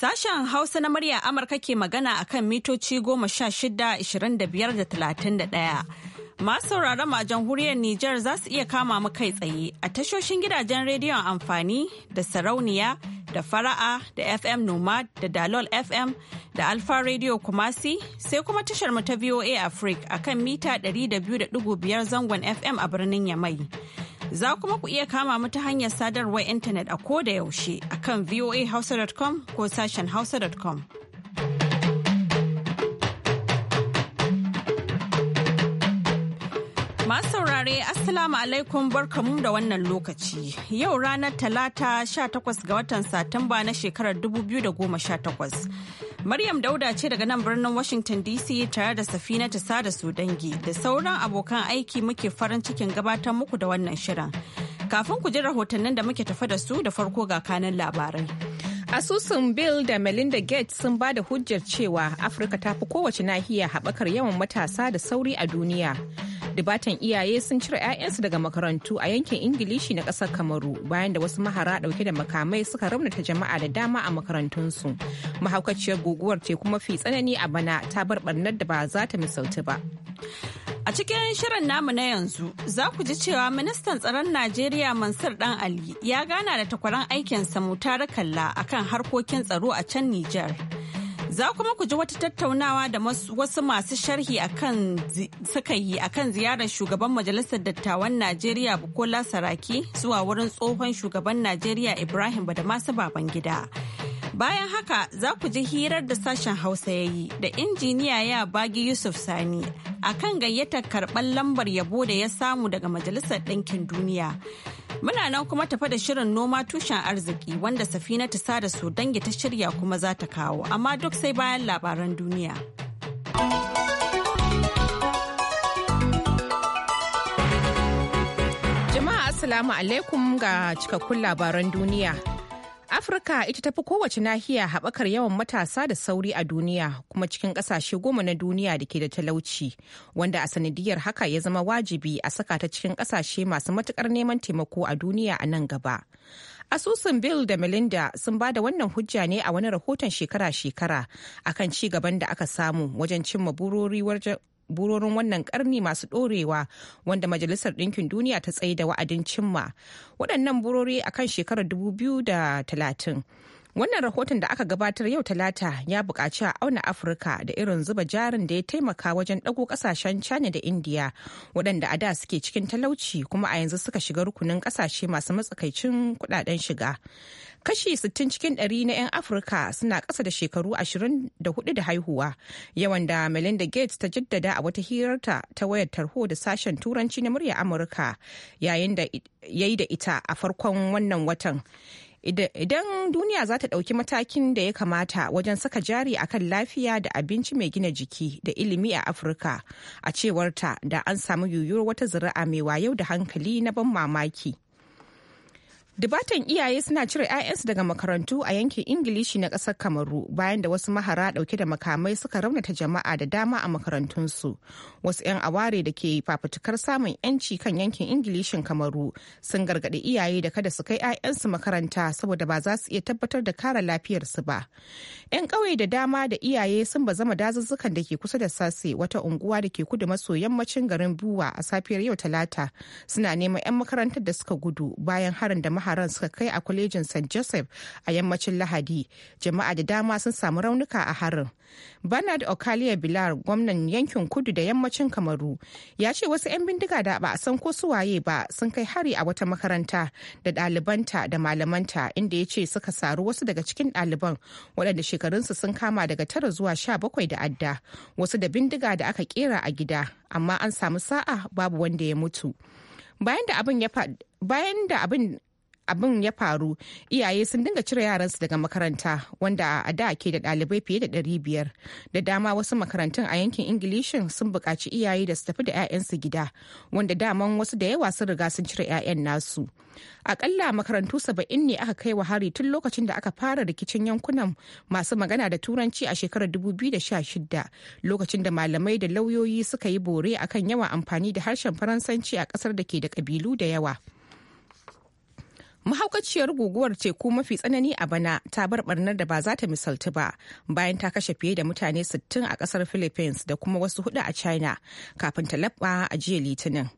Sashen Hausa na murya Amurka ke magana a kan mitoci goma sha shida, ishirin da biyar da talatin da ɗaya. Masu sauraron ma jamhuriyar Nijar za su iya kama mu kai tsaye a tashoshin gidajen rediyon amfani da sarauniya da fara'a da FM Nomad da Dalol FM da Alfa Radio Kumasi sai kuma tashar mu ta VOA Africa akan mita 200.5 zangon FM a birnin Yamai. Za kuma ku iya kama mu ta hanyar sadarwar intanet a ko da yaushe akan voahausa.com ko sashen hausa.com. Masu saurare Assalamu alaikum barkamu da wannan lokaci. Yau ranar Talata 18 ga watan Satumba na shekarar 2018. Maryam Dauda ce daga nan birnin Washington DC tare da safina ta sada su dangi da sauran abokan aiki muke farin cikin gabatar muku da wannan shirin. Kafin ku ji rahotannin da muke tafa da su da farko ga kanan labarai. Asusun Bill da Melinda Gates sun ba da hujjar cewa Afirka ta fi kowace nahiya haɓakar yawan matasa da sauri a duniya. dubatan iyaye sun cire 'ya'yansu daga makarantu a yankin ingilishi na ƙasar kamaru bayan da wasu mahara ɗauke da makamai suka raunata jama'a da dama a makarantunsu mahaukaciyar guguwar kuma fi tsanani a bana ta bar ɓarnar da ba za ta misauti ba a cikin shirin namu na yanzu za ku ji cewa ministan tsaron najeriya mansur dan ali ya gana da takwaran aikinsa mutare kalla akan harkokin tsaro a can nijar Za kuma ku ji wata tattaunawa da wasu masu sharhi akan suka yi akan ziyarar shugaban majalisar dattawan Najeriya Bukola Saraki zuwa wurin tsohon shugaban Najeriya Ibrahim baban gida Bayan haka za ku ji hirar da sashen Hausa ya yi da injiniya ya bagi Yusuf Sani akan gayyatar karɓar lambar yabo da ya samu daga Majalisar Ɗinkin Duniya. Muna nan kuma tafa da shirin noma tushen arziki wanda safina ta sada su dangi ta shirya kuma za ta kawo amma duk sai bayan labaran duniya. Jama'a Assalamu alaikum ga cikakkun labaran duniya. Afirka ita tafi kowace nahiya haɓakar yawan matasa da sauri a duniya kuma cikin ƙasashe goma na duniya da ke da talauci wanda a sanadiyar haka ya zama wajibi a saka ta cikin ƙasashe masu matuƙar neman taimako a duniya a nan gaba. Asusun Bill da Melinda sun ba da wannan hujja ne a wani rahoton shekara-shekara akan ci gaban da aka samu wajen cimma burori burorin wannan karni masu ɗorewa wanda majalisar ɗinkin duniya ta tsaye da wa'adin cimma waɗannan burori akan shekarar 2030 Wannan rahoton da aka gabatar yau Talata ya buƙaci a auna Afirka da irin zuba jarin da ya taimaka wajen ɗago ƙasashen China da India waɗanda a da suke cikin talauci kuma a yanzu suka shiga rukunin ƙasashe masu matsakaicin kuɗaɗen shiga. Kashi 60 cikin 100 na 'yan Afirka suna ƙasa da shekaru 24 da haihuwa, yawan da Melinda Gates ta jaddada a wata hirarta ta wayar tarho da sashen Turanci na murya Amurka yayin da ya yi da ita a farkon wannan watan. idan duniya za ta ɗauki matakin da ya kamata wajen saka jari a kan lafiya da abinci mai gina jiki da ilimi a afirka a cewarta da an samu yuyuwar wata zuri'a mai wayo da hankali na ban mamaki Dibatan iyaye suna cire 'ya'yansu daga makarantu a yankin Ingilishi na ƙasar Kamaru bayan da wasu mahara ɗauke da makamai suka raunata jama'a da dama a makarantunsu. Wasu 'yan aware da ke fafutukar samun 'yanci kan yankin Ingilishin Kamaru sun gargaɗi iyaye da kada su kai 'ya'yansu makaranta saboda ba za su iya tabbatar da kare lafiyarsu ba. 'Yan ƙauye da dama da iyaye sun ba zama dazuzzukan da ke kusa da Sase wata unguwa da ke kudu maso yammacin garin Buwa a safiyar yau Talata suna neman 'yan makarantar da suka gudu bayan harin da maharan suka kai a kwalejin st joseph a yammacin lahadi jama'a da dama sun samu raunuka a harin bernard okalia bilar gwamnan yankin kudu da yammacin kamaru ya ce wasu 'yan bindiga da ba a san ko su waye ba sun kai hari a wata makaranta da ɗalibanta da malamanta inda ya ce suka saru wasu daga cikin ɗaliban waɗanda shekarunsu sun kama daga tara zuwa sha bakwai da adda wasu da bindiga da aka kera a gida amma an samu sa'a babu wanda ya mutu bayan da abin ya bayan da abin abin ya faru iyaye sun dinga cire yaransu daga makaranta wanda a da ke da dalibai fiye da ɗari biyar da dama wasu makarantun a yankin ingilishin sun buƙaci iyaye da su tafi da 'ya'yansu gida wanda daman wasu da yawa sun riga sun cire 'ya'yan nasu akalla makarantu saba'in ne aka kai wa hari tun lokacin da aka fara rikicin yankunan masu magana da turanci a shekarar dubu biyu da sha 2016 lokacin da malamai da lauyoyi suka yi bore akan yawan amfani da harshen faransanci a ƙasar da ke da ƙabilu da yawa. mahaukaciyar guguwar teku mafi tsanani a bana ta bar barnar da ba za ta misaltu ba bayan ta kashe fiye da mutane 60 a kasar philippines da kuma wasu hudu a china kafin ta labba a jiya litinin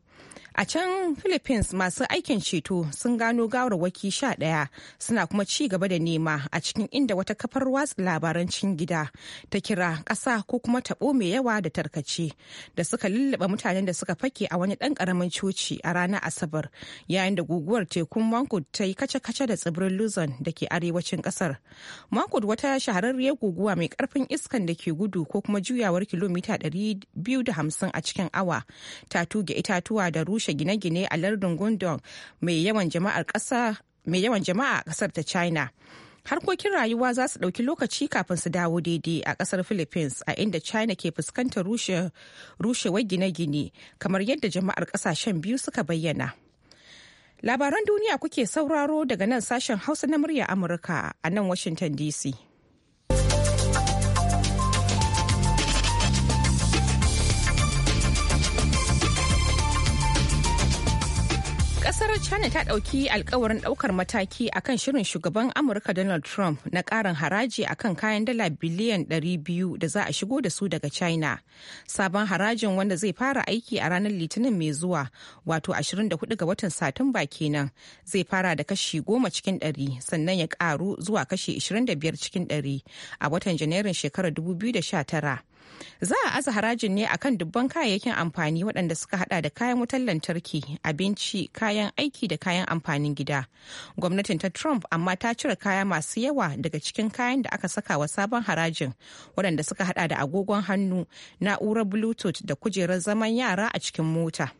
A can Philippines masu aikin ceto sun gano gawarwaki sha ɗaya suna kuma ci gaba da nema a cikin inda wata kafar watsa labaran cikin gida ta kira ƙasa ko kuma taɓo mai yawa da tarkace da suka lullaba mutanen da suka fake a wani ɗan ƙaramin coci a ranar Asabar yayin da guguwar tekun mankud ta yi kace-kace da tsibirin Luzon da ke arewacin ƙasar. mankud wata shahararriyar guguwa mai ƙarfin iskan da ke gudu ko kuma juyawar kilomita 250 a cikin awa ta tuge itatuwa da rushe rushe gine-gine a lardin gundong mai yawan jama'a a kasar ta china harkokin rayuwa za su ɗauki lokaci kafin su dawo daidai a ƙasar philippines a inda china ke fuskantar rushewar gine-gine kamar yadda jama'ar ƙasashen biyu suka bayyana labaran duniya kuke sauraro daga nan sashen hausa na murya amurka a nan washington dc Kasar China ta ɗauki alkawarin ɗaukar mataki akan shirin shugaban Amurka Donald Trump na karin haraji akan kayan dala biliyan 200 da za a shigo da su daga China. Sabon harajin wanda zai fara aiki a ranar Litinin mai zuwa, wato 24 ga watan Satumba kenan, zai fara da kashi 10 cikin 100 sannan ya karu zuwa kashi 25 cikin 100 a watan Janairun shekarar 2019. Za a aza harajin ne a kan dubban kayayyakin amfani waɗanda suka hada da kayan wutar lantarki, abinci, kayan aiki da kayan amfanin gida. Gwamnatin ta Trump amma ta cire kaya masu yawa daga cikin kayan da aka saka wa sabon harajin waɗanda suka hada da agogon hannu, na'urar Bluetooth da kujerar zaman yara a cikin mota.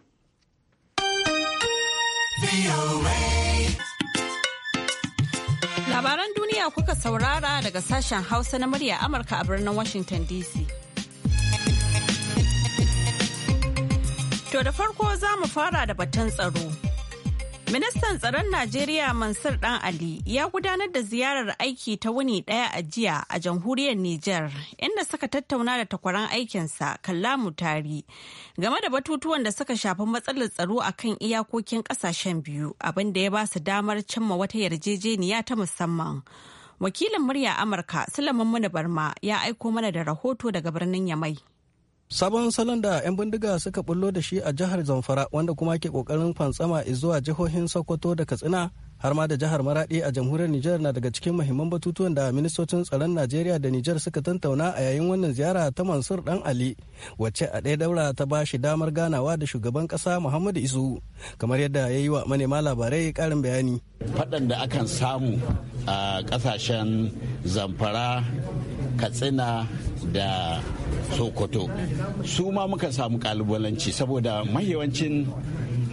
Labaran duniya kuka saurara daga sashen Hausa na murya Amurka a birnin Washington DC. To da farko za mu fara da batun tsaro. Ministan tsaron Najeriya Mansur Dan Ali ya gudanar da ziyarar aiki ta wuni ɗaya a jiya a jamhuriyar Nijar inda suka tattauna da takwaran aikinsa Kallamu Tari game da batutuwan da suka shafi matsalar tsaro a kan iyakokin ƙasashen biyu abinda ya ba su damar cimma wata yarjejeniya ta musamman. Wakilin murya Amurka Sulaiman Muna Barma ya aiko mana da rahoto daga birnin Yamai. sabon salon da 'yan bindiga suka bullo da shi a jihar zamfara wanda kuma ke kokarin fantsama zuwa jihohin sokoto da katsina har ma da jihar Maraɗi a jamhuriyar Nijar na daga cikin muhimman batutuwan da ministocin tsaron Najeriya da Nijar suka tantauna a yayin wannan ziyara ta Mansur Dan Ali wacce a ɗaya daura ta ba shi damar ganawa da shugaban ƙasa Muhammadu Isu kamar yadda ya yi wa manema labarai karin bayani. Faɗan da akan samu a ƙasashen Zamfara, Katsina da Sokoto su ma muka samu ƙalubalanci saboda mahiwancin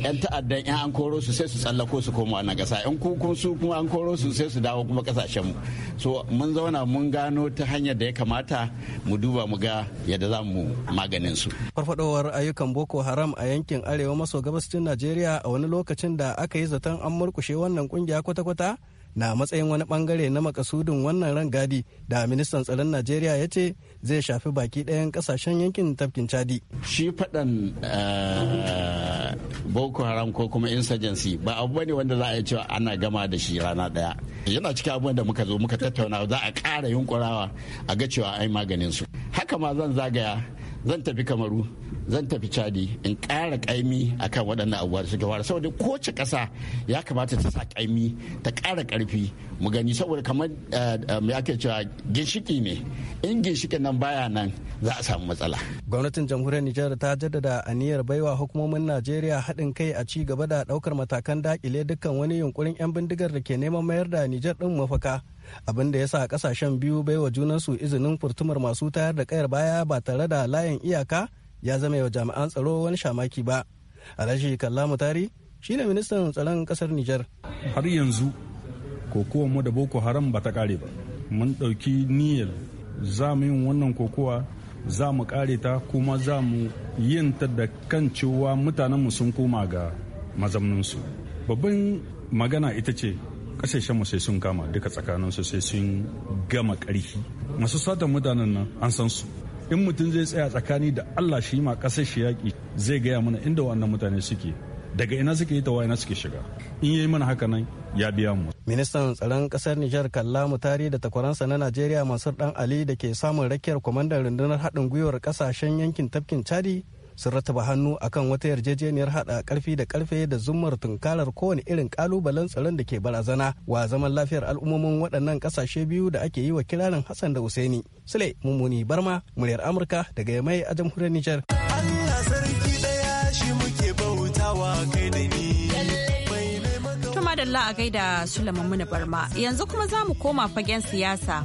yan ta'addan yan an koro su sai su tsallako su koma na ƙasa yan kukun su kuma an koro su sai su dawo kuma ƙasashen mu so mun zauna mun gano ta hanyar da ya kamata mu duba mu ga yadda za mu maganin su farfadowar ayyukan boko haram a yankin arewa maso gabashin najeriya a wani lokacin da aka yi zaton an murkushe wannan kungiya kwata-kwata na matsayin wani bangare na makasudin wannan rangadi da ministan tsaron najeriya ya ce zai shafi baki ɗayan kasashen yankin tafkin chadi shi faɗan eh, boko haram ko kuma insurgency ba abu ne wanda za a yi cewa ana gama da shi rana daya. yana cikin abubuwan da muka zo muka tattauna za a ƙara yunkurawa a ga cewa ai maganin su haka ma zan zagaya zan tafi kamaru zan tafi chadi in ƙara ƙaimi akan waɗannan abubuwa da suke fara saboda kowace ƙasa ya kamata ta sa ƙaimi ta ƙara ƙarfi mu gani saboda kamar eh, eh, me ake cewa ginshiki ne in ginshikin nan baya nan za a samu matsala gwamnatin jamhuriyar nijar ta jaddada aniyar baiwa hukumomin najeriya haɗin kai a ci gaba da ɗaukar matakan daƙile dukkan wani yunkurin 'yan bindigar da ke neman mayar da nijar ɗin mafaka abin da ya sa kasashen biyu baiwa junansu izinin furtumar masu tayar da kayar baya ba tare da layin iyaka ya zama wa jami'an tsaro wani shamaki ba alhaji kallamu tari shine ministan tsaron kasar nijar har yanzu mu da boko haram ba ta kare ba mun ɗauki niyyar za mu yin wannan kokowa za mu kare ta kuma za mu yin ta da kan cewa mutanenmu sun koma ga mazamninsu babban magana ita ce kasashen mu sai sun kama duka tsakanin su sai sun gama karfi masu satan mutanen nan an san su in mutum zai tsaya tsakani da Allah shi ma kasar shi yaƙi zai gaya mana inda wannan mutane suke daga ina suke yi tawaye ina suke shiga in yi mana haka nan ya biya mu ministan tsaron kasar Nijar Kalla Mutari da takwaransa na Najeriya masu Dan Ali da ke samun rakiyar kwamandan rundunar haɗin gwiwar kasashen yankin tafkin Chadi sun rataba hannu akan wata yarjejeniyar hada karfi da karfe da zumar tunkarar kowane irin kalubalen tsaron da ke barazana wa zaman lafiyar al'ummomin waɗannan kasashe biyu da ake yi wa kirarin Hassan da Husaini. Sule Mummuni Barma, muryar Amurka daga Yamai a jamhuriyar Nijar. Allah a gaida Sulaiman Muna Barma, yanzu kuma za mu koma fagen siyasa.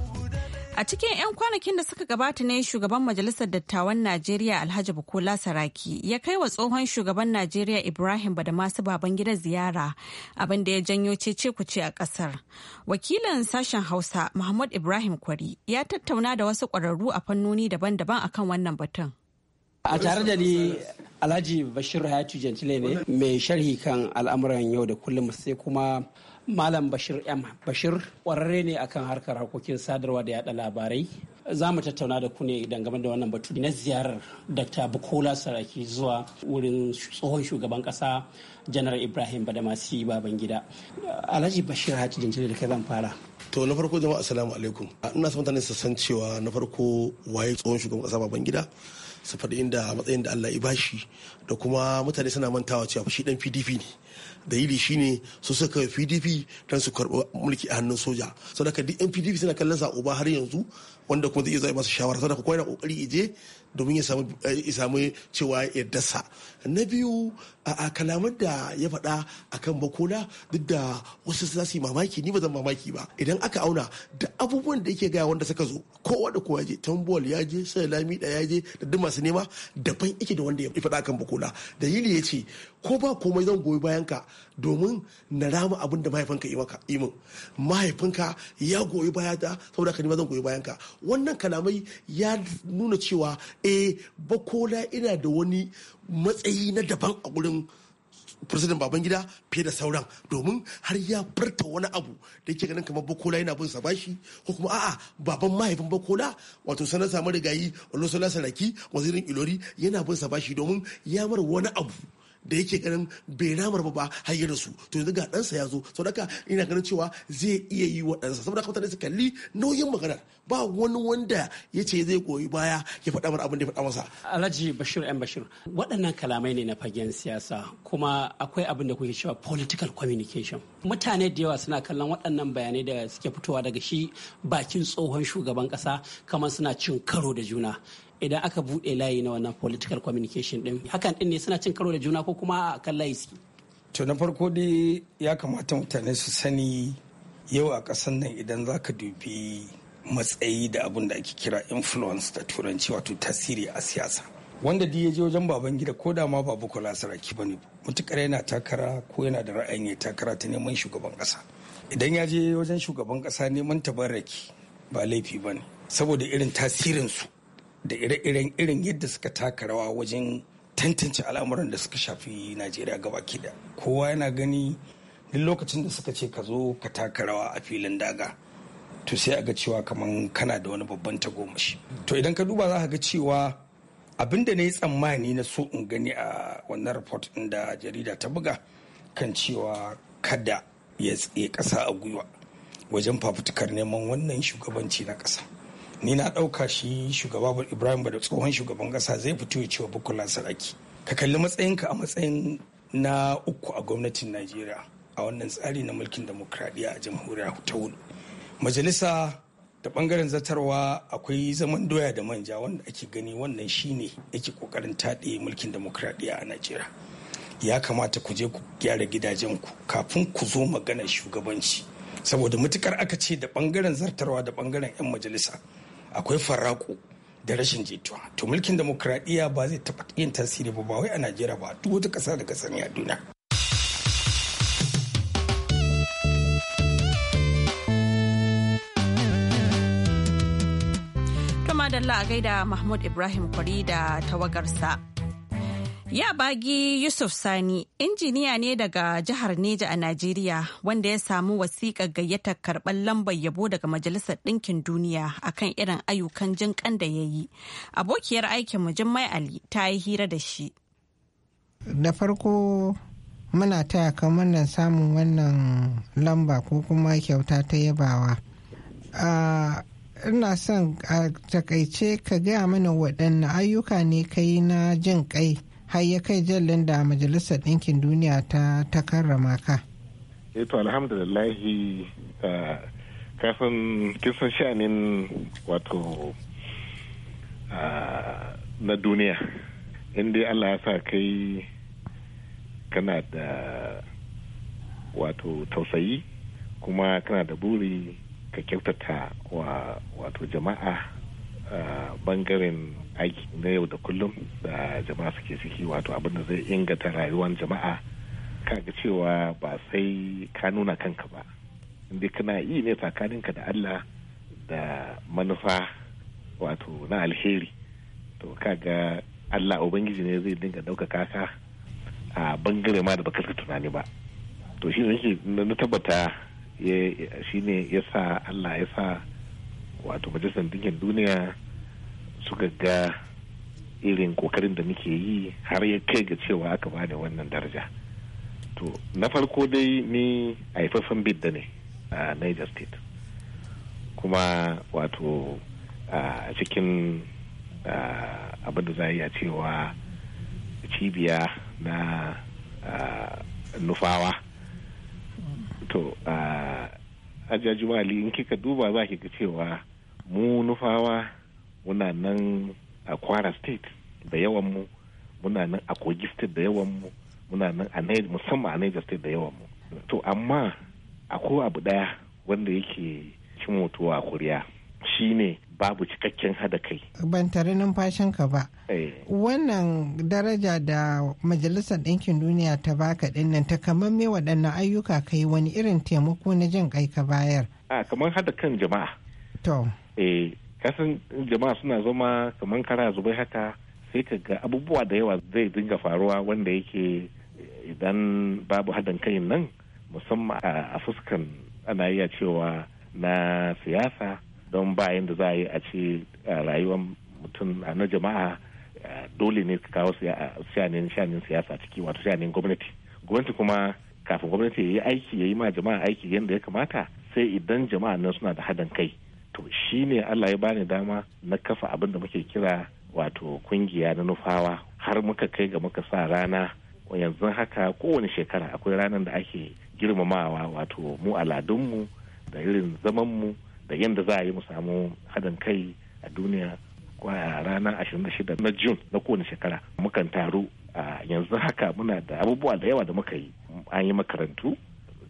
A cikin 'yan kwanakin da suka gabata ne shugaban Majalisar Dattawan Najeriya Alhaji Bukola Saraki ya kai wa tsohon shugaban Najeriya Ibrahim Badamasu Babangida ziyara abinda ya janyo cece kuce a kasar. Wakilin sashen Hausa Muhammad Ibrahim Kwari ya tattauna da wasu ƙwararru a fannoni daban-daban akan wannan batun. A tare da ni Alhaji Bashir Hayatu Jantile ne mai sharhi kan al'amuran yau da kullum sai kuma Malam Bashir M. Bashir ƙwararre ne akan harkar harkokin sadarwa da yada labarai. Za mu tattauna da ku ne game da wannan batu na ziyarar Dr. Bukola Saraki zuwa wurin tsohon shugaban kasa Janar Ibrahim Badamasi Babangida. Alhaji Bashir Hajji Jinjiri da kai zan fara. To na farko jama'a assalamu alaikum. Ina son mutane su san cewa na farko waye tsohon shugaban ƙasa Babangida. su faɗi inda matsayin da Allah ya bashi da kuma mutane suna mantawa cewa shi dan PDP ne dalili shine su suka PDP don su karɓi mulki a hannun soja saboda duk PDP suna kallon sa uba har yanzu wanda kuma zai iya zai masu shawara saboda ko yana kokari ije domin ya samu cewa ya dasa na biyu a kalamar da ya faɗa a kan bakola duk da wasu za su yi mamaki ni ba zan mamaki ba idan aka auna da abubuwan da yake gaya wanda suka zo kowa da kowa je tambol ya je sai lami da ya je da duk masu nema daban yake da wanda ya faɗa kan bakola dalili ya ce ko ba komai zan goyi bayanka ka domin na rama abin da mahaifinka yi maka imin mahaifinka ya goyi baya ta saboda ka nima zan goyi bayanka wannan kalamai ya nuna cewa eh bakola ina da wani matsayi na daban a gurin president babangida fiye da sauran domin har ya furta wani abu da yake ganin kamar bakola yana bin sa bashi ko kuma a'a baban mahaifin bakola wato sanar samu rigayi olosola saraki wazirin ilori yana bin sa bashi domin ya mara wani abu da yake ganin bai ramar ba har ya to yanzu ga ɗansa ya zo saboda ina ganin cewa zai iya yi wa ɗansa saboda haka su kalli nauyin maganar ba wani wanda ya ce zai goyi baya ya faɗa mara abin da ya faɗa masa. Alhaji Bashir ‘yan Bashir waɗannan kalamai ne na fagen siyasa kuma akwai abin da kuke cewa political communication. Mutane da yawa suna kallon waɗannan bayanai da suke fitowa daga shi bakin tsohon shugaban ƙasa kamar suna cin karo da juna. idan aka bude layi na wannan political communication din hakan din ne suna cin karo da juna ko kuma a kan layi suke to na farko dai ya kamata mutane su sani yau a kasan nan idan za ka dubi matsayi da abin da ake kira influence da turanci wato tasiri a siyasa wanda da ya je wajen baban gida ko da ma babu kula saraki ba ne mutukar yana takara ko yana da ra'ayin ya takara ta neman shugaban kasa idan ya je wajen shugaban ƙasa neman tabarraki ba laifi ba ne saboda irin tasirinsu da ire-iren irin yadda suka taka rawa wajen tantance al'amuran da suka shafi najeriya gaba da kowa yana gani duk lokacin da suka ce ka zo ka taka rawa a filin daga to sai a ga cewa kamar kana da wani babban tagomashi to idan ka duba za ka ga cewa abin da na yi tsammani na so in gani a wannan report ɗin da jarida ta buga kan cewa kada ya tsaye kasa a gwiwa wajen fafutukar neman wannan shugabanci na kasa. ni na ɗauka shi shugaba ibrahim da tsohon shugaban ƙasa zai fito ya cewa bukulan saraki ka kalli matsayinka a matsayin na uku a gwamnatin najeriya a wannan tsari na mulkin demokradiyya a jamhuriya ta hudu majalisa da bangaren zatarwa akwai zaman doya da manja wanda ake gani wannan shine yake kokarin taɗe mulkin demokradiyya a najeriya ya kamata ku je ku gyara gidajen ku kafin ku zo magana shugabanci saboda matukar aka ce da bangaren zartarwa da bangaren 'yan majalisa akwai farraku da rashin jituwa to mulkin demokradiyya ba zai taɓa yin tasiri ba ba wai a najeriya ba duk wata ƙasa da sani ne a duniya madalla a gaida Mahmud Ibrahim Kwari da tawagarsa. Ya bagi Yusuf Sani, injiniya ne daga jihar Neja a Najeriya wanda ya samu wasiƙar gayyata karɓar lambar yabo daga Majalisar Ɗinkin Duniya akan irin ayyukan jinƙan da ya yi. Abokiyar aikin Jummai Ali ta yi hira da shi. Da farko muna taya kamar wannan samun wannan lamba ko kuma kyauta ta yabawa. Ina son a takaice ka gaya mana waɗanne ayyuka ne kai na jin ƙai. har ya kai jallin da majalisar ɗinkin duniya ta ta karrama ka eh to alhamdulillahi eh, kafin kisan sha'anin wato eh, na duniya inda allah ya sa kai kana da wato tausayi kuma kana da buri ka kyautata wa wato jama'a bangaren aiki na yau da kullum da jama'a suke ciki wato abinda zai inganta rayuwar jama'a kaga cewa ba sai ka nuna kanka ba inda kana yi ne tsakaninka da Allah da manufa wato na alheri to kaga Allah ubangiji ne zai dinga ɗaukaka ka a bangare ma da baka tunani ba to shi ne na tabbata shi ne ya sa Allah ya sa wato majalisar dinkin duniya suka ga irin kokarin da muke yi har ya kai ga cewa aka bani wannan daraja to na farko dai ni bid da ne a niger state kuma wato a cikin abin za a iya cewa cibiya na nufawa to a juma'a in kika duba za ki ga cewa mu nufawa muna nan a kwara state da yawan mu muna nan a kogi state da yawan mu muna nan a musamman a niger state da yawan mu to amma akwai abu daya wanda yake cin mutuwa a kuriya shine babu cikakken hada kai. Ban tare ka ba. Eh. Wannan daraja da Majalisar Ɗinkin Duniya ta baka ɗinnan ta kamar me waɗannan ayyuka kai wani irin taimako na jin kai ka bayar. A kamar hada kan jama'a. To. Eh, kasan jama'a suna zama kamar kara zubai haka sai ka ga abubuwa da yawa zai dinga faruwa wanda yake idan babu haɗin kai nan musamman a fuskan ana iya cewa na siyasa don bayan da za a yi a ce rayuwar mutum na jama'a dole ne ka kawo shanin siyasa ciki wato shanin gwamnati gwamnati kuma kafin gwamnati ya yi aiki ya yi ma jama'a aiki yadda ya kamata sai idan jama'a nan suna da haɗin kai to shi ne allah ya bani dama na kafa abin da muke kira wato kungiya na nufawa har muka kai ga muka sa rana yanzu haka kowane shekara akwai ranar da ake girmamawa wato mu aladunmu da irin zamanmu da yadda za a yi mu samu haɗin kai a duniya ranar 26 na Jun na kowane shekara mukan taru a yanzu haka muna da abubuwa da yawa da muka yi an yi makarantu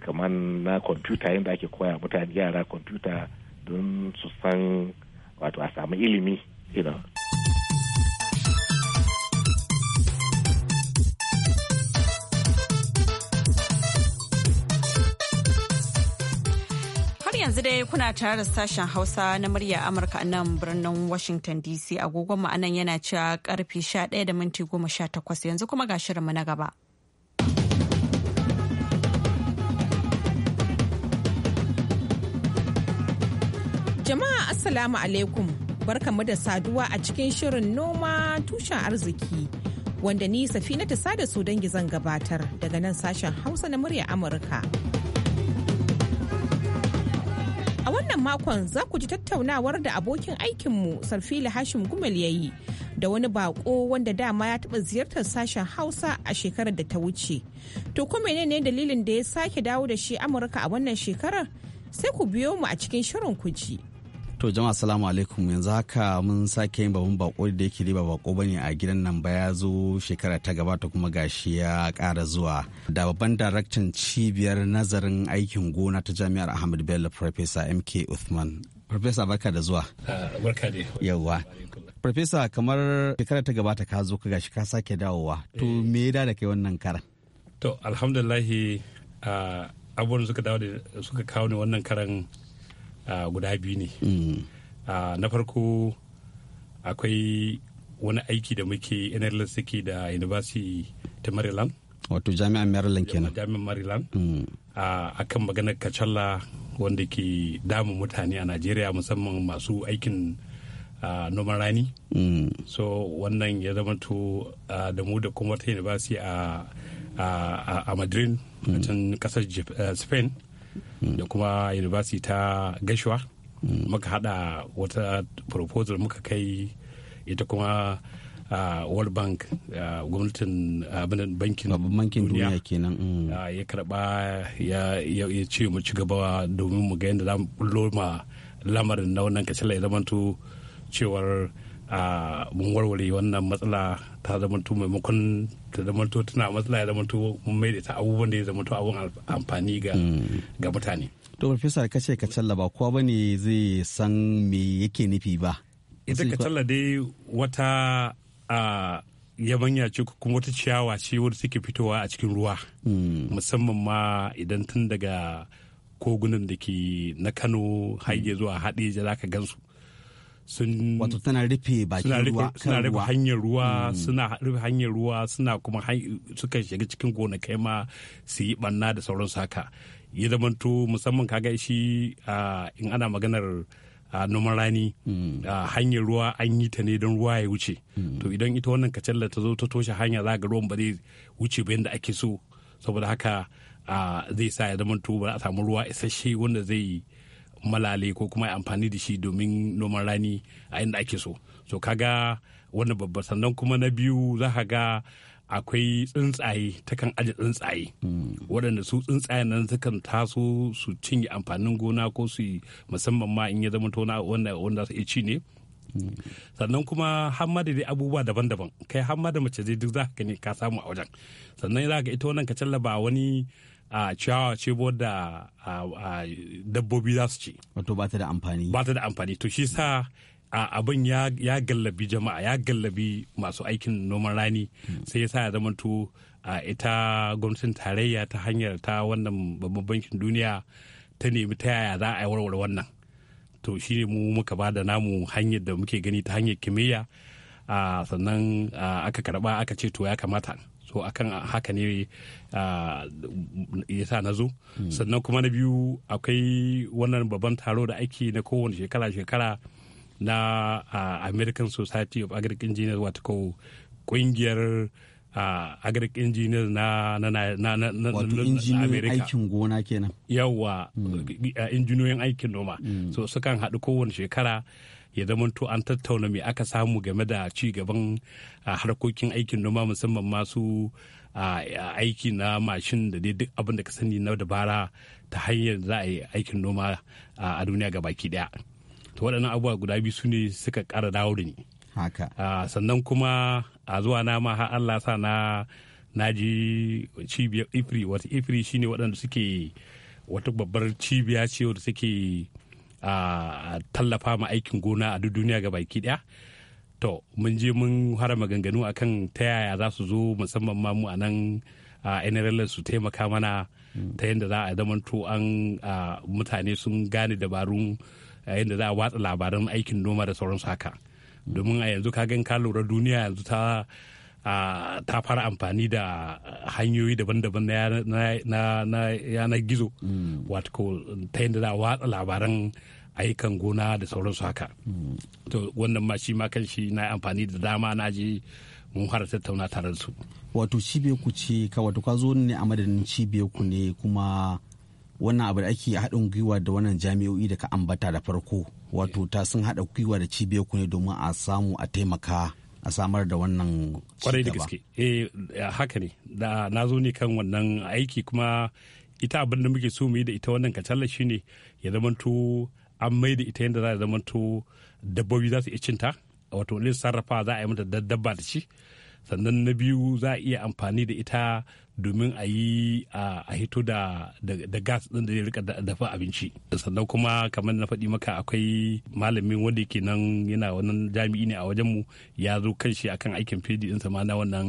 kamar na kwamfuta yadda ake koya mutane yara kwamfuta don su san wato a samu ilimi you Har yanzu dai kuna tare da sashen hausa na murya amurka a nan birnin washington dc agogon ma'anan yana cewa karfe 11 da minti 18 yanzu kuma ga shirinmu na gaba Jama'a Assalamu alaikum barkamu da saduwa a cikin shirin noma tushen arziki wanda ni safi na ta sada su dangi zan gabatar daga nan sashen Hausa na murya Amurka. A wannan makon za ku ji tattaunawar da abokin aikinmu Sarfila Hashim Gumel ya yi da wani bako wanda dama ya taɓa ziyartar sashen Hausa a shekarar da ta wuce. To ne ne dalilin da ya sake dawo da shi Amurka a wannan shekarar? Sai ku biyo mu a cikin shirin ku To jama'a assalamu alaikum yanzu haka mun sake yin babban bako da yake riba bako bane a gidan nan ba ya zo shekara ta gabata kuma gashi ya kara zuwa. Da babban daraktan cibiyar nazarin aikin gona ta jami'ar Ahmad Bello Professor MK Uthman. Professor barka da zuwa. Ah, barka da yawa. Professor kamar shekara ta gabata ka zo ka gashi ka sake dawowa. To eh. me ya da kai wannan karan? To alhamdulillahi ah, abubuwan suka dawo da suka kawo ni wannan karan Ah, guda biyu ne mm. ah, na farko akwai wani aiki da muke nls suke da university ta maryland wato jami'an maryland kenan jami'an maryland mm. a ah, kan maganar kacalla wanda ke damu mutane a najeriya musamman masu aikin Uh, noman rani mm. so wannan ya zama to uh, da mu da kuma ta university a madrid a mm. can kasar eh, spain da kuma university ta gashuwa muka hada wata proposal muka kai ita kuma world bank gwamnatin abin bankin duniya kenan mm. ya karba ya ce mu ci gaba domin mu ga yadda za mu bullo ma lamarin na wannan kashe ya zamanto cewar mun warware wannan matsala ta zamanto maimakon ta zamanto tana matsala ya zamanto mun mai da ta abubuwan da ya zamanto abun amfani mm. ga mutane. To Farfesa ce ka ba kowa bane zai san me yake nufi ba. Ita ka dai wata yabanya ce kuma wata ciyawa ce wadda take fitowa a cikin ruwa mm. musamman ma idan tun daga kogunan da ke na kano haige zuwa haɗe za ka gansu sun wato tana rufe bakin ruwa suna rufe hanyar ruwa hmm. suna rufe hanyar ruwa suna kuma suka shiga cikin gonakai ma su yi banna da sauran haka ya zamanto musamman kaga shi in ana maganar noman rani hmm. hanyar ruwa an yi ta ne don ruwa ya wuce hmm. to idan ita wannan kacalla ta zo ta toshe hanya za ga ruwan ba zai wuce ba yadda ake so saboda haka zai sa ya zamanto ba a samu ruwa isasshe wanda zai malale ko kuma amfani da shi domin noman rani a inda ake so so ka ga wannan babba sannan kuma na biyu za ka ga akwai tsuntsaye takan aje tsuntsaye mm. waɗanda su tsuntsaye nan sukan taso su cinye amfanin gona ko su musamman ma in ya zama tona wanda wanda su ci ne mm. sannan kuma hamma da dai abubuwa daban-daban kai hamma da mace dai duk za ka ne ka samu a wajen sannan za ka ita wannan ka ba wani a ciyawa ce da dabbobi za su ci. Wato ba ta da amfani. Ba ta da amfani to shi sa abin ya gallabi jama'a ya gallabi masu aikin noman rani hmm. sai ya sa ya to ita gwamnatin tarayya ta hanyar ta wannan babban bankin duniya ta nemi ta yaya za a yi warware wannan to shi ne mu muka ba da namu hanyar da muke gani ta hanyar kimiyya sannan aka karba aka ce to ya kamata so akan haka ne ah, ya sa na zo sannan kuma na biyu akwai wannan babban taro da ake na kowane shekara-shekara na ah, american society of agric engineers wato kungiyar agric engineer na na na na na na aikin gona kenan yawa hmm. injiniyoyin aikin noma hmm. so sukan haɗu kowane shekara ya zamanto an tattauna me aka samu game da ci gaban harkokin aikin noma musamman masu aiki na mashin da dai duk abin ka sani na dabara ta hanyar za a yi aikin noma a duniya ga baki daya to waɗannan abubuwa guda biyu su ne suka ƙara dawo da ni haka ah, sannan kuma a zuwa na ma har Allah sa na naji cibiyar ifri wata ifri shine waɗanda suke wata babbar cibiya ce wadda suke a tallafa ma aikin gona a duk duniya ga baki ɗaya to mun je mun fara maganganu akan ta yaya za su zo musamman ma mu a nan nrl su taimaka mana ta yadda za a zamanto an mutane sun gane dabarun yadda za a watsa labaran aikin noma da sauransu haka. domin a yanzu kagan ka lura duniya yanzu ta ta fara amfani da hanyoyi daban-daban na yanar gizo mm. wato ta yadda za watsa labaran ayyukan gona da sauransu haka mm. to wannan ma shi ma kan shi na amfani da dama na ji mun fara tattauna tare da su wato cibiyar ku ce ka wato ka zo ne a madadin cibiyar ku ne kuma wannan abu da ake haɗin gwiwa da wannan jami'o'i da ka ambata da farko wato ta sun haɗa kwiwa da cibiyar ku ne domin a samu a taimaka a samar da wannan kwarai da gaske eh haka ne da na zo ne kan wannan aiki kuma ita abin da muke so mu yi da ita wannan kacallar shine ya zamanto an mai da ita yadda za a zamanto dabbobi za su iya cinta wato ne sarrafa za a yi mata dabba da shi sannan na biyu za a iya amfani da ita domin a yi a hito da gas ɗin da ya rika dafa abinci sannan kuma kamar na faɗi maka akwai malamin wanda ke nan yana wannan jami'i ne a wajenmu ya zo kan shi akan aikin fedi ɗinsa ma na wannan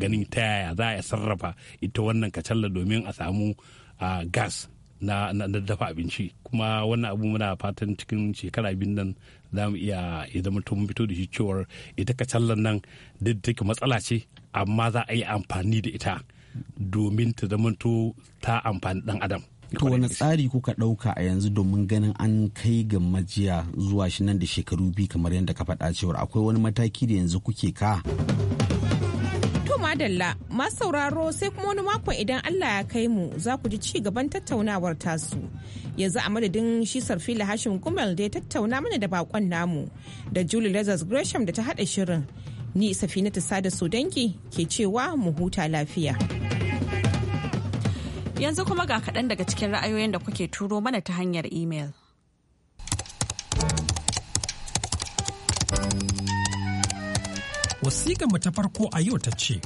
ganin ta yaya za a sarrafa ita wannan kacalla domin a samu gas na, dafa abinci kuma wannan abu muna fatan cikin shekara biyu nan za mu iya idan mun fito da shi cewar ita kacallan nan duk take matsala ce amma za a yi amfani da ita domin ta zamanto ta amfani dan adam to wani tsari kuka ɗauka a yanzu domin ganin an kai ga majiya zuwa shi nan da shekaru biyu kamar yadda ka faɗa cewar akwai wani mataki da yanzu kuke ka madalla masu sauraro sai kuma wani mako idan Allah ya kai mu za ku ji ci gaban tattaunawar tasu. Yanzu a madadin shi sarfila Hashim Gumal da ya tattauna mana da bakon namu da Julie Lazarus Gresham da ta hada shirin. Ni ta Sada Sodanki ke cewa mu huta lafiya. Yanzu kuma ga kaɗan daga cikin ra'ayoyin da kuke turo mana ta hanyar Wasiƙa mu ta farko a yau ta ce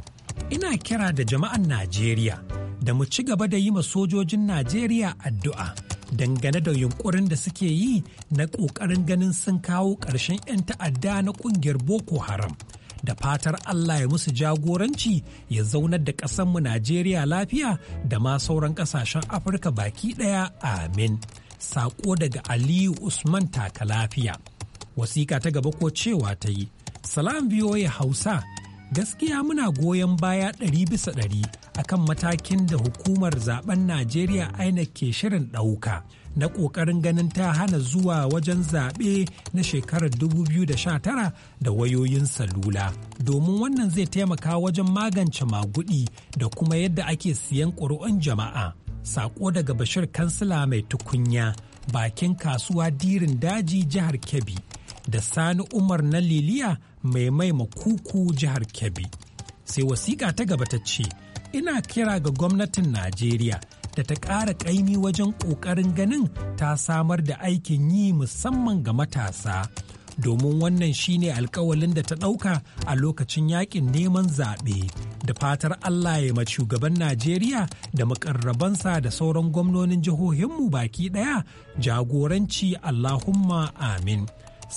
ina kira da jama'an Najeriya da mu ci gaba da yi ma sojojin Najeriya addu'a dangane da yunkurin da suke yi na ƙoƙarin ganin sun kawo ƙarshen 'yan ta'adda na ƙungiyar Boko Haram. Da fatar Allah ya musu jagoranci ya zaunar da ƙasanmu Najeriya lafiya da ma sauran ƙasashen Afirka baki ɗaya amin. Saƙo daga Aliyu Usman taka lafiya. Wasiƙa ta gaba ko cewa ta yi, Salam biyoyi Hausa gaskiya muna goyon baya ɗari bisa ɗari akan matakin da hukumar zaben najeriya inec ke shirin ɗauka na ƙoƙarin ganin ta hana zuwa wajen zaɓe na shekarar 2019 da wayoyin salula domin wannan zai taimaka wajen magance maguɗi da kuma yadda ake siyan ƙuri'un jama'a saƙo daga bashir kansila mai tukunya bakin kasuwa dirin daji jihar kebbi da Sani Umar na Liliya mai mai makuku jihar Kebbi. Sai wasiƙa ta gaba ta ce, ina kira ga gwamnatin Najeriya da ta ƙara ƙaimi wajen ƙoƙarin ganin ta samar da aikin yi musamman ga matasa. Domin wannan shine alkawalin da ta ɗauka a lokacin yakin neman zaɓe da fatar Allah ya ma shugaban Najeriya da makarrabansa da sauran gwamnonin jihohinmu baki ɗaya jagoranci Allahumma amin.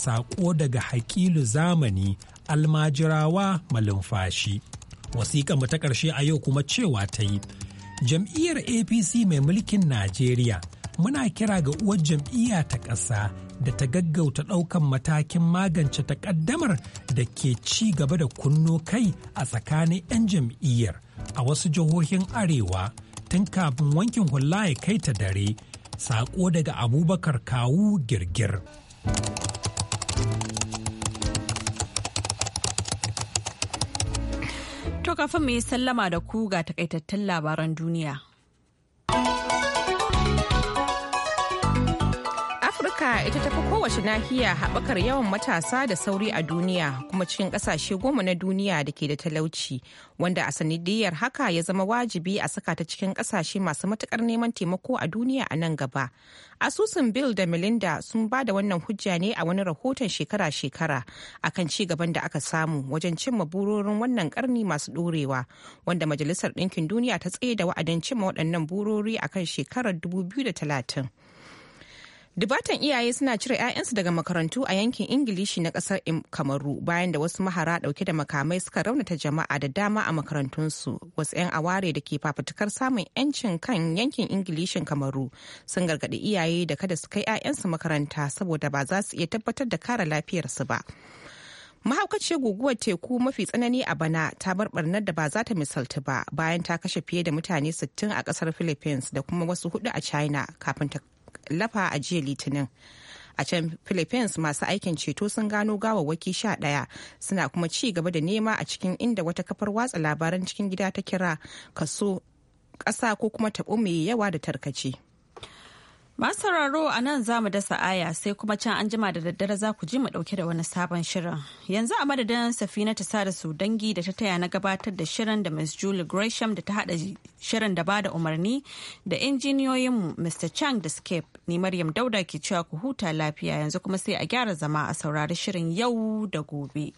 saƙo daga haƙilu zamani almajirawa malumfashi. Wasiƙa mu ta ƙarshe a yau kuma cewa ta yi, jam'iyyar APC mai mulkin Najeriya muna kira ga uwar jam'iyya ta ƙasa da ta gaggauta ɗaukan matakin magance taƙaddamar da ke ci gaba da kunno kai a tsakanin 'yan jam'iyyar a wasu jihohin arewa tun kafin wankin hula ya kai ta dare saƙo daga abubakar kawu girgir. kafin mu yi sallama da ku ga takaitattun labaran duniya. Amurka ita ta fi kowace nahiya haɓakar yawan matasa da sauri a duniya kuma cikin ƙasashe goma na duniya da ke da talauci wanda a sanidiyar haka ya zama wajibi a saka ta cikin ƙasashe masu matuƙar neman taimako a duniya a nan gaba. Asusun Bill da Melinda sun ba da wannan hujja ne a wani rahoton shekara-shekara akan ci gaban da aka samu wajen cimma burorin wannan ƙarni masu ɗorewa wanda Majalisar Ɗinkin Duniya ta tsaye da wa'adin cimma waɗannan burori kan shekarar 2030. Dubatan iyaye suna cire 'ya'yansu daga makarantu a yankin Ingilishi na kasar Kamaru bayan da wasu mahara dauke da makamai suka raunata jama'a da dama a makarantunsu. Wasu 'yan aware da ke fafutukar samun 'yancin kan yankin Ingilishin Kamaru sun gargaɗi iyaye da kada su kai 'ya'yansu makaranta saboda ba za su iya tabbatar da kare lafiyarsu ba. mahaukaciyar guguwar teku mafi tsanani a bana ta bar barnar da ba za ta misalta ba bayan ta kashe fiye da mutane 60 a kasar philippines da kuma wasu hudu a china kafin ta lafa a jiya litinin a can philippines masu aikin ceto sun gano gawawwaki sha ɗaya suna kuma ci gaba da nema a cikin inda wata kafar watsa labaran cikin gida ta kira kaso ƙasa ko kuma taɓo mai yawa da tarkace masararo a nan za mu dasa aya sai kuma can an jima da daddare za ku ji mu dauke da wani sabon shirin. Yanzu a madadin safina ta sa da su dangi da ta taya na gabatar da shirin da Ms. Julie Gresham da ta hada shirin da ba da umarni da injiniyoyinmu Mr. Chang da Skip ne Maryam Dauda ke cewa ku huta lafiya yanzu kuma sai a gyara zama a saurari shirin yau da gobe.